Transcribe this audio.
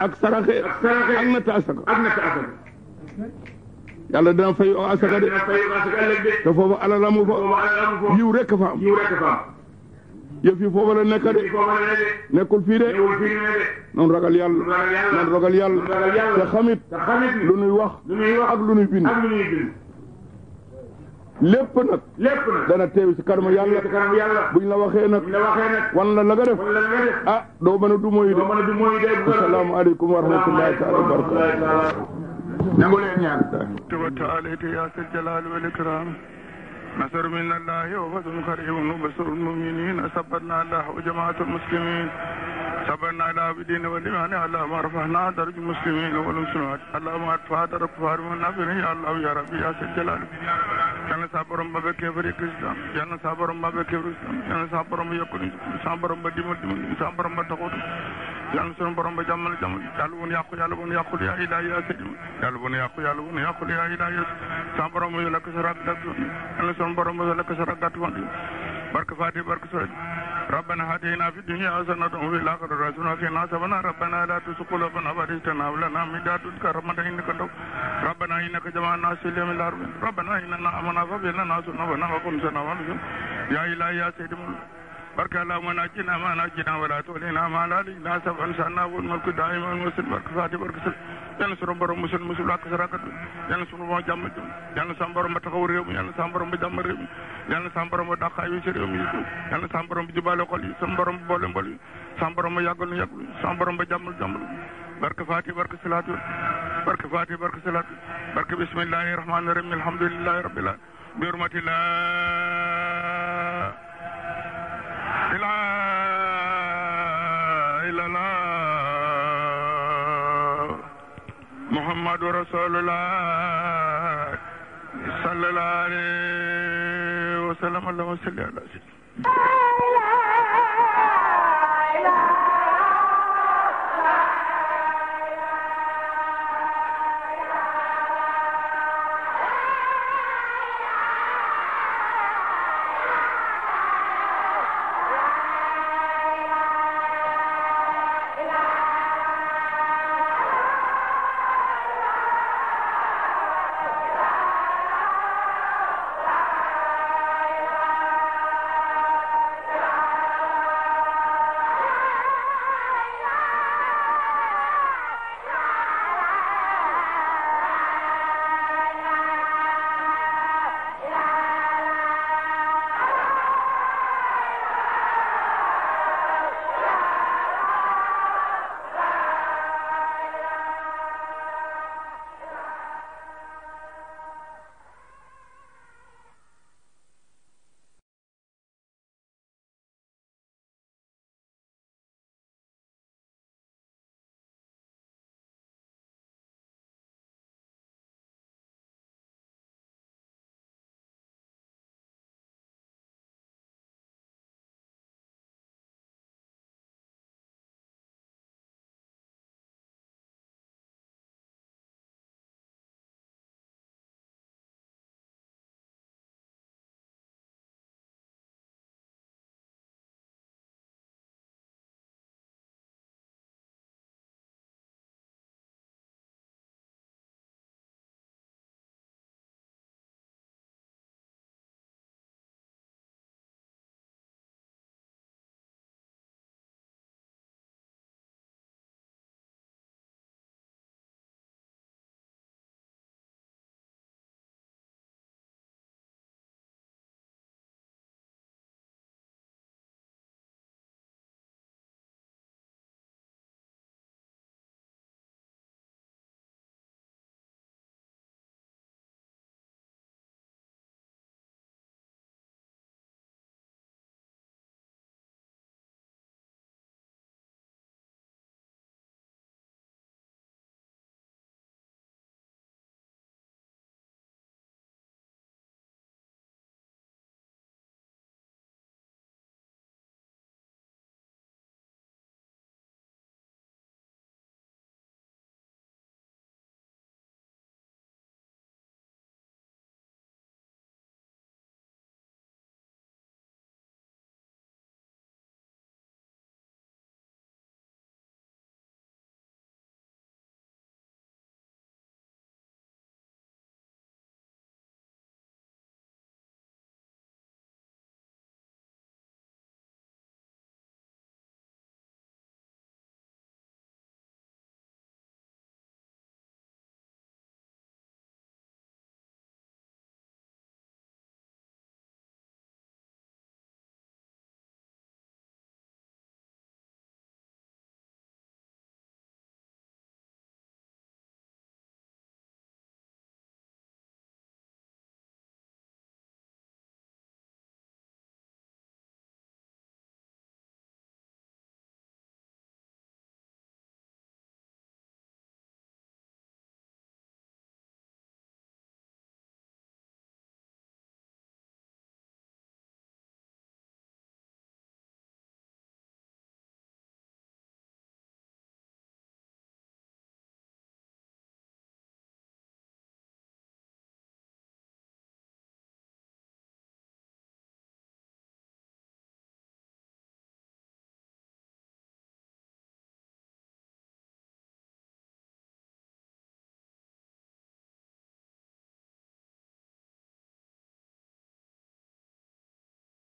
ak saraxe ak natt asaka ak natt asaka yàlla la nekk de nekkul fii de noonu ragal yàlla noonu ragal yàlla te xamit lu nuy wax ak nuy bind lépp nag lépp nag dana teew si kanamu yàlla buñ la waxee nag wan la la nga def ah doo mën a du mooy de asalaamaaleykum wa rahmatullahi taala wa barakatu nangu leen ñaan tawata alayka ya sal jalal wal ikram nasr min allahi wa fatun qaribun basrul muminin sabarna allah wa jamaatul muslimin صبرنا على عبدين والإيمان اللهم ارفعنا درج المسلمين والمسلمات اللهم ارفع درج كفار منا يا الله يا ربي يا سجلال yal na sa borom ba bekkee bari islam yal na sa borom ba bekkee bari islam yal na sa borom ba yokk sa borom ba dimbal dimbal sa borom ba taxut yal na sunu borom ba jàmmal jàmmal yàlla woon yàqu yàlla woon yàqul yaa ilaahi yaa sëñ yàlla woon yàqu yàlla woon yàqul yaa ilaahi yaa sa borom ba yola kasara gàtt woon ba yola kasara gàtt woon barke Faati barke ربنا هدينا في الدنيا حسنة وفي الآخرة حسنة وقنا عذاب ربنا لا تزغ قلوبنا بعد إذ هديتنا وهب لنا من لدنك رحمة إنك أنت ربنا إنك جميع الناس في يوم لا ريب فيه ربنا إننا آمنا فاغفر لنا ذنوبنا وقنا عذاب النار يا إلهي يا سيدي بارك اللهم نجنا ما نجنا ولا تولنا ما لا تولنا سبحان سنا والملك دائما والمسلم بارك فاتح بارك سلام yàlla sunu borom musul musul wàkk si rakat yàlla sunu borom jàmm yàlla sama borom ba taxaw réew mi yàlla sama borom ba jàmm réew mi yàlla sama borom ba dàqaay wi si réew mi yàlla sama borom ba jubaale xol yi sama borom ba boole mbol borom ba yàggal nu borom ba jàmmal jàmmal barke faati barke salaatu barke faati barke salaatu barke bismillahi rahmaani rahim alhamdulillahi rabbil alamin bi hurmati la ilaha محمد رسول الله صلى الله عليه وسلم اللهم صل على سيدنا